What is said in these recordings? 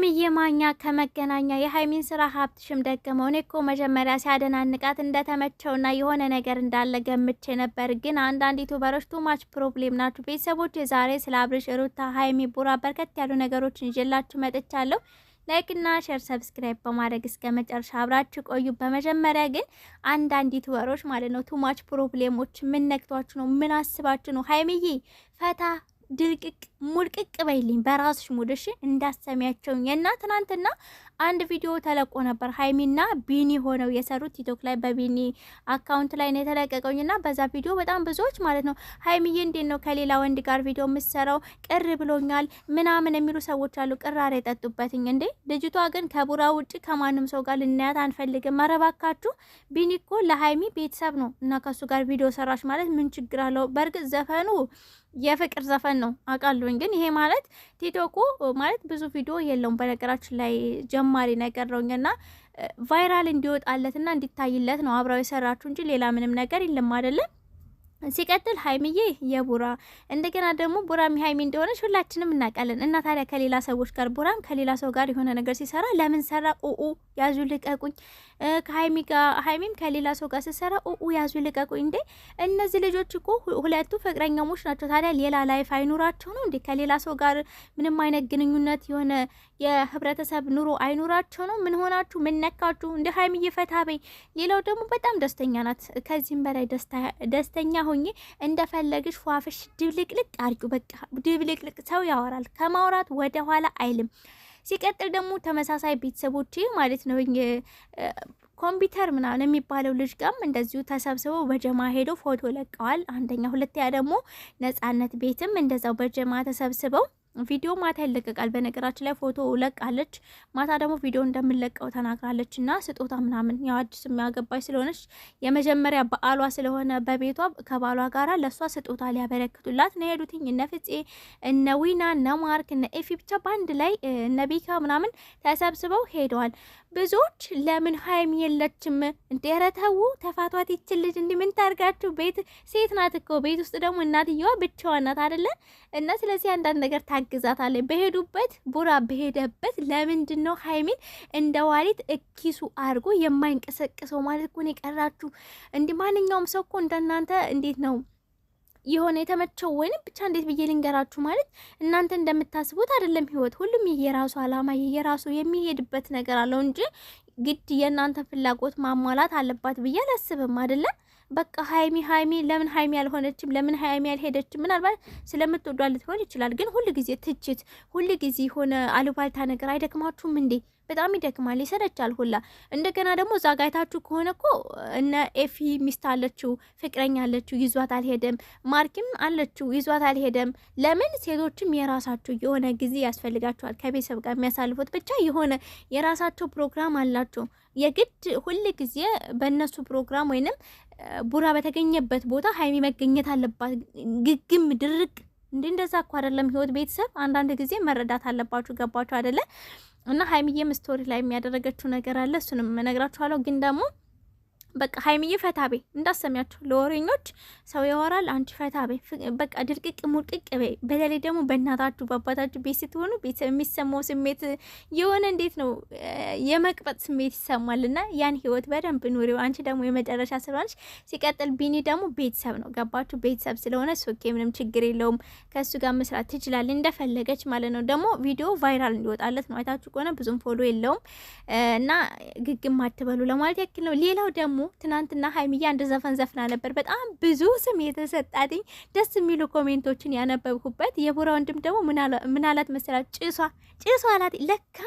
ሀይሚዬ ማኛ ከመገናኛ የሀይሚን ስራ ሀብትሽም ሽም እኔ እኮ መጀመሪያ ሲያደናንቃት እንደተመቸውና የሆነ ነገር እንዳለ ገምቼ ነበር፣ ግን አንዳንድ ዩቱበሮች ቱማች ፕሮብሌም ናችሁ። ቤተሰቦች የዛሬ ስለ አብርሽ፣ ሩታ፣ ሀይሚ፣ ቡራ በርከት ያሉ ነገሮችን ይዤላችሁ መጥቻለሁ። ላይክና ሼር ሰብስክራይብ በማድረግ እስከ መጨረሻ አብራችሁ ቆዩ። በመጀመሪያ ግን አንዳንድ ዩቱበሮች ማለት ነው ቱማች ፕሮብሌሞች ምን ነግቷችሁ ነው? ምን አስባችሁ ነው? ሀይሚዬ ፈታ ድርቅቅ ሙልቅቅ በይልኝ በራስሽ ሙድሽ እንዳሰሚያቸውኝ እና ትናንትና አንድ ቪዲዮ ተለቆ ነበር። ሀይሚና ቢኒ ሆነው የሰሩት ቲክቶክ ላይ በቢኒ አካውንት ላይ ነው የተለቀቀውኝ እና በዛ ቪዲዮ በጣም ብዙዎች ማለት ነው ሀይሚዬ እንዴት ነው ከሌላ ወንድ ጋር ቪዲዮ የምትሰራው ቅር ብሎኛል ምናምን የሚሉ ሰዎች አሉ። ቅራር የጠጡበትኝ እንዴ። ልጅቷ ግን ከቡራ ውጭ ከማንም ሰው ጋር ልናያት አንፈልግም። መረባካችሁ ቢኒ እኮ ለሀይሚ ቤተሰብ ነው እና ከሱ ጋር ቪዲዮ ሰራሽ ማለት ምን ችግር አለው? በእርግጥ ዘፈኑ የፍቅር ዘፈን ነው አውቃለሁ አሉኝ። ግን ይሄ ማለት ቲክቶኩ ማለት ብዙ ቪዲዮ የለውም በነገራችን ላይ ጀማሪ ነገር ነው እና ቫይራል እንዲወጣለትና እንዲታይለት ነው አብረው የሰራችሁ እንጂ ሌላ ምንም ነገር የለም አይደለም። ሲቀጥል ሀይሚዬ የቡራ እንደገና ደግሞ ቡራም ሀይሚ እንደሆነች ሁላችንም እናውቃለን። እና ታዲያ ከሌላ ሰዎች ጋር ቡራም ከሌላ ሰው ጋር የሆነ ነገር ሲሰራ ለምን ሰራ? ኡኡ ያዙ ልቀቁኝ። ከሀይሚ ጋር ሀይሚም ከሌላ ሰው ጋር ስሰራ ኡኡ ያዙ ልቀቁኝ። እንዴ እነዚህ ልጆች እኮ ሁለቱ ፍቅረኛሞች ናቸው። ታዲያ ሌላ ላይፍ አይኑራቸው ነው እንዴ? ከሌላ ሰው ጋር ምንም አይነት ግንኙነት የሆነ የህብረተሰብ ኑሮ አይኑራቸው ነው? ምን ሆናችሁ? ምን ነካችሁ? እንደ ሀይሚ ፈታ በይ። ሌላው ደግሞ በጣም ደስተኛ ናት። ከዚህም በላይ ደስተኛ ሁኜ እንደፈለግሽ ፏፍሽ ድብልቅልቅ አድርጊው። በቃ ድብልቅልቅ ሰው ያወራል፣ ከማውራት ወደ ኋላ አይልም። ሲቀጥል ደግሞ ተመሳሳይ ቤተሰቦች ማለት ነው ኮምፒውተር ምናምን የሚባለው ልጅ ጋርም እንደዚሁ ተሰብስበው በጀማ ሄዶ ፎቶ ለቀዋል። አንደኛ ሁለተኛ ደግሞ ነጻነት ቤትም እንደዛው በጀማ ተሰብስበው ቪዲዮ ማታ ይለቀቃል። በነገራችን ላይ ፎቶ ለቃለች፣ ማታ ደግሞ ቪዲዮ እንደምንለቀው ተናግራለች። እና ስጦታ ምናምን ያው አዲስ የሚያገባች ስለሆነች የመጀመሪያ በዓሏ ስለሆነ በቤቷ ከባሏ ጋር ለእሷ ስጦታ ሊያበረክቱላት ነው የሄዱትኝ። እነ ፍፄ እነ ዊና እነ ማርክ እነ ኤፊ ብቻ በአንድ ላይ እነ ቢካ ምናምን ተሰብስበው ሄደዋል። ብዙዎች ለምን ሀይሚ የለችም እንዴ? ኧረ ተው ተፋቷት ይች ልጅ እንዲህ ምን ታርጋችሁ? ቤት ሴት ናት እኮ ቤት ውስጥ ደግሞ እናትየዋ ብቻዋን ናት አይደለ? እና ስለዚህ አንዳንድ ነገር ታግዛታለች። በሄዱበት ቡራ በሄደበት ለምንድን ነው ሀይሚን እንደ ዋሊት እኪሱ አድርጎ የማይንቀሰቅሰው ማለት እኮ ነው የቀራችሁ። እንዲህ ማንኛውም ሰው እኮ እንደናንተ እንዴት ነው የሆነ የተመቸው ወይንም ብቻ እንዴት ብዬ ልንገራችሁ፣ ማለት እናንተ እንደምታስቡት አይደለም ህይወት። ሁሉም ይሄ የራሱ አላማ ይሄ የራሱ የሚሄድበት ነገር አለው እንጂ ግድ የእናንተ ፍላጎት ማሟላት አለባት ብዬ አላስብም። አይደለም በቃ ሀይሚ ሀይሚ ለምን ሀይሚ አልሆነችም? ለምን ሀይሚ አልሄደችም? ምናልባት ስለምትወዷ ልትሆን ይችላል። ግን ሁል ጊዜ ትችት፣ ሁል ጊዜ የሆነ አሉባልታ ነገር አይደክማችሁም እንዴ? በጣም ይደክማል፣ ይሰለቻል ሁላ። እንደገና ደግሞ እዛ ጋይታችሁ ከሆነ እኮ እነ ኤፊ ሚስት አለችው፣ ፍቅረኛ አለችው፣ ይዟት አልሄደም። ማርኪም አለችው፣ ይዟት አልሄደም። ለምን ሴቶችም የራሳችሁ የሆነ ጊዜ ያስፈልጋችኋል፣ ከቤተሰብ ጋር የሚያሳልፉት ብቻ የሆነ የራሳቸው ፕሮግራም አላቸው። የግድ ሁል ጊዜ በእነሱ ፕሮግራም ወይንም ቡራ በተገኘበት ቦታ ሀይሚ መገኘት አለባት። ግግም ድርቅ እንደ እንደዛ እኮ አይደለም ህይወት። ቤተሰብ አንዳንድ ጊዜ መረዳት አለባችሁ። ገባችሁ አይደለ? እና ሀይሚዬም ስቶሪ ላይ የሚያደረገችው ነገር አለ። እሱንም እነግራችኋለሁ ግን ደግሞ በቃ ሀይሚዬ ፈታቤ እንዳሰሚያቸው ለወሬኞች ሰው ያወራል። አንቺ ፈታቤ በቃ ድርቅቅ ሙርቅቅ በይ። በተለይ ደግሞ በእናታችሁ በአባታችሁ ቤት ስትሆኑ ቤት የሚሰማው ስሜት የሆነ እንዴት ነው የመቅበጥ ስሜት ይሰማል። እና ያን ህይወት በደንብ ኑሪው። አንቺ ደግሞ የመጨረሻ ስለሆነች፣ ሲቀጥል ቢኒ ደግሞ ቤተሰብ ነው። ገባችሁ? ቤተሰብ ስለሆነ ሶኬ ምንም ችግር የለውም። ከእሱ ጋር መስራት ትችላል እንደፈለገች ማለት ነው። ደግሞ ቪዲዮ ቫይራል እንዲወጣለት ነው። አይታችሁ ከሆነ ብዙም ፎሎ የለውም እና ግግም አትበሉ ለማለት ያክል ነው። ሌላው ደግሞ ነው። ትናንትና ሀይሚያ አንድ ዘፈን ዘፍና ነበር። በጣም ብዙ ስም የተሰጣትኝ ደስ የሚሉ ኮሜንቶችን ያነበብኩበት። የቡራ ወንድም ደግሞ ምናላት መሰላት ጭሷ ጭሷ አላት። ለካ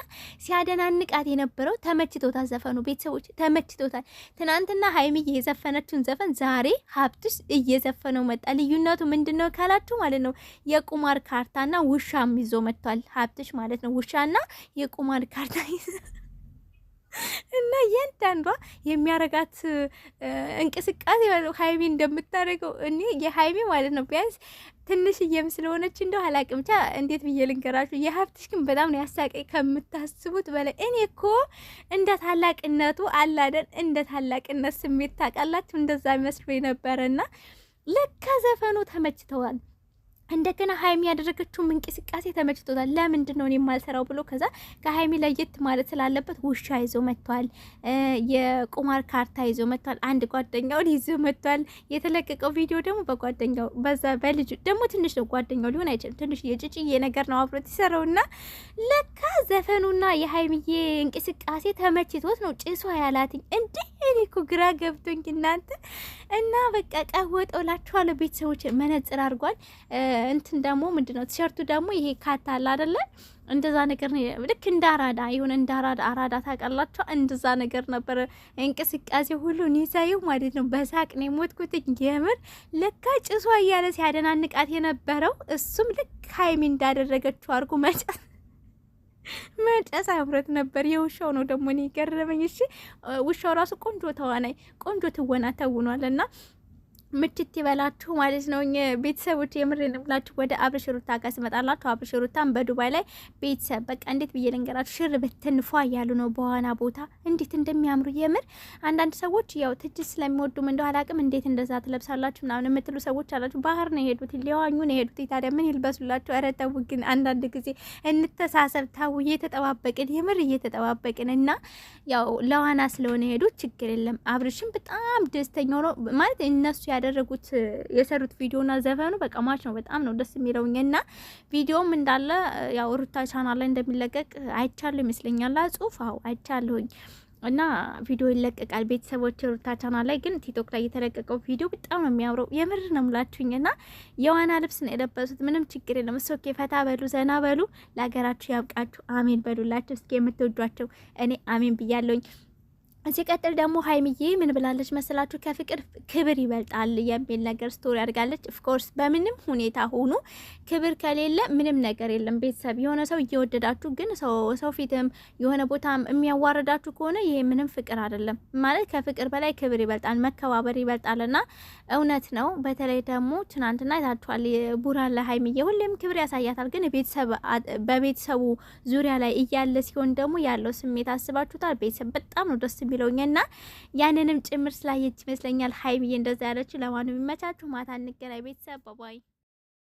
ሲያደናንቃት የነበረው ተመችቶታል ዘፈኑ። ቤተሰቦች ተመችቶታል። ትናንትና ሀይሚዬ የዘፈነችውን ዘፈን ዛሬ ሀብትስ እየዘፈነው መጣ። ልዩነቱ ምንድን ነው ካላችሁ ማለት ነው የቁማር ካርታና ውሻም ይዞ መጥቷል። ሀብትሽ ማለት ነው ውሻና የቁማር ካርታ እና እያንዳንዷ የሚያረጋት እንቅስቃሴ ሀይሚ እንደምታደርገው እኔ የሀይሚ ማለት ነው ቢያንስ ትንሽ እየም ስለሆነች እንደው አላቅም ብቻ እንዴት ብዬ ልንገራችሁ። የሀብትሽ ግን በጣም ነው ያሳቀኝ ከምታስቡት በላይ። እኔ እኮ እንደ ታላቅነቱ አላደን እንደ ታላቅነት ስሜት ታውቃላችሁ እንደዛ መስሎ ነበረና ለካ ዘፈኑ ተመችተዋል። እንደገና ሀይሚ ያደረገችውም እንቅስቃሴ ተመችቶታል። ለምንድን ነው እኔ የማልሰራው ብሎ ከዛ ከሀይሚ ለየት ማለት ስላለበት ውሻ ይዞ መጥቷል። የቁማር ካርታ ይዞ መጥቷል። አንድ ጓደኛውን ይዞ መጥቷል። የተለቀቀው ቪዲዮ ደግሞ በጓደኛው በዛ በልጁ ደግሞ ትንሽ ነው ጓደኛው ሊሆን አይችልም። ትንሽ የጭጭዬ ነገር ነው አብሮት ይሰራውና ለካ ዘፈኑና የሀይሚዬ እንቅስቃሴ ተመችቶት ነው ጭሷ ያላትኝ እንዴ! እኔ እኮ ግራ ገብቶኝ እናንተ እና በቃ ቀወጠውላችኋለሁ። ቤተሰቦች መነጽር አድርጓል። እንትን ደግሞ ምንድ ነው ቲሸርቱ ደግሞ ይሄ ካታ አለ አደለ? እንደዛ ነገር ልክ እንደ አራዳ የሆነ እንደ አራዳ አራዳ ታውቃላችሁ? እንደዛ ነገር ነበር እንቅስቃሴ ሁሉ ኒሳዩ ማለት ነው። በሳቅ ነው የሞትኩት። የምር ለካ ጭሷ እያለ ሲያደናንቃት የነበረው እሱም ልክ ሀይሚ እንዳደረገችው አድርጎ መጨ መጨስ አብረት ነበር። የውሻው ነው ደግሞ እኔ ገረመኝ። እሺ ውሻው ራሱ ቆንጆ ተዋናይ ቆንጆ ትወና ተውኗል እና ምችት ይበላችሁ ማለት ነው። ቤተሰቦች የምሬ ነው ብላችሁ ወደ አብርሽ ሩታ ጋር ስመጣላችሁ አብርሽ ሩታን በዱባይ ላይ ቤተሰብ በቃ እንዴት ብዬ ልንገራችሁ፣ ሽር ብትንፏ እያሉ ነው በዋና ቦታ እንዴት እንደሚያምሩ የምር። አንዳንድ ሰዎች ያው ትጅት ስለሚወዱም እንደው አላቅም፣ እንዴት እንደዛ ትለብሳላችሁ ምናምን የምትሉ ሰዎች አላችሁ። ባህር ነው የሄዱት፣ ሊዋኙ ነው የሄዱት። ታዲያ ምን ይልበሱላችሁ? ኧረ ተው ግን አንዳንድ ጊዜ እንተሳሰብ። ተው እየተጠባበቅን የምር እየተጠባበቅን እና ያው ለዋና ስለሆነ የሄዱት ችግር የለም። አብርሽም በጣም ደስተኛ ሆኖ ማለት እነሱ ያ ያደረጉት የሰሩት ቪዲዮና ዘፈኑ በቃ ማች ነው። በጣም ነው ደስ የሚለውኝ እና ቪዲዮም እንዳለ ያው ሩታ ቻናል ላይ እንደሚለቀቅ አይቻለሁ ይመስለኛል። ጽሁፍ አዎ አይቻለሁኝ እና ቪዲዮ ይለቀቃል። ቤተሰቦች ሩታ ቻናል ላይ ግን ቲክቶክ ላይ የተለቀቀው ቪዲዮ በጣም ነው የሚያምረው። የምር ነው ምላችሁኝ። እና የዋና ልብስ ነው የለበሱት። ምንም ችግር የለም። እስኪ ፈታ በሉ፣ ዘና በሉ፣ ለሀገራችሁ ያብቃችሁ። አሜን በሉላቸው። እስኪ የምትወዷቸው እኔ አሜን ብያለሁኝ። ሲቀጥል ደግሞ ሀይሚዬ ምን ብላለች መሰላችሁ? ከፍቅር ክብር ይበልጣል የሚል ነገር ስቶሪ አድርጋለች። ኦፍኮርስ በምንም ሁኔታ ሆኖ ክብር ከሌለ ምንም ነገር የለም። ቤተሰብ የሆነ ሰው እየወደዳችሁ ግን ሰው ፊትም የሆነ ቦታም የሚያዋርዳችሁ ከሆነ ይሄ ምንም ፍቅር አይደለም ማለት። ከፍቅር በላይ ክብር ይበልጣል፣ መከባበር ይበልጣል ና እውነት ነው። በተለይ ደግሞ ትናንትና ይታችኋል፣ ቡራን ለሀይሚዬ ሁሌም ክብር ያሳያታል፣ ግን በቤተሰቡ ዙሪያ ላይ እያለ ሲሆን ደግሞ ያለው ስሜት አስባችሁታል? ቤተሰብ በጣም ነው ደስ እና ያንንም ጭምር ስላየች ይመስለኛል ሀይሚዬ እንደዛ ያለችው። ለማንም ይመቻችሁ። ማታ እንገናኝ ቤተሰብ ባባይ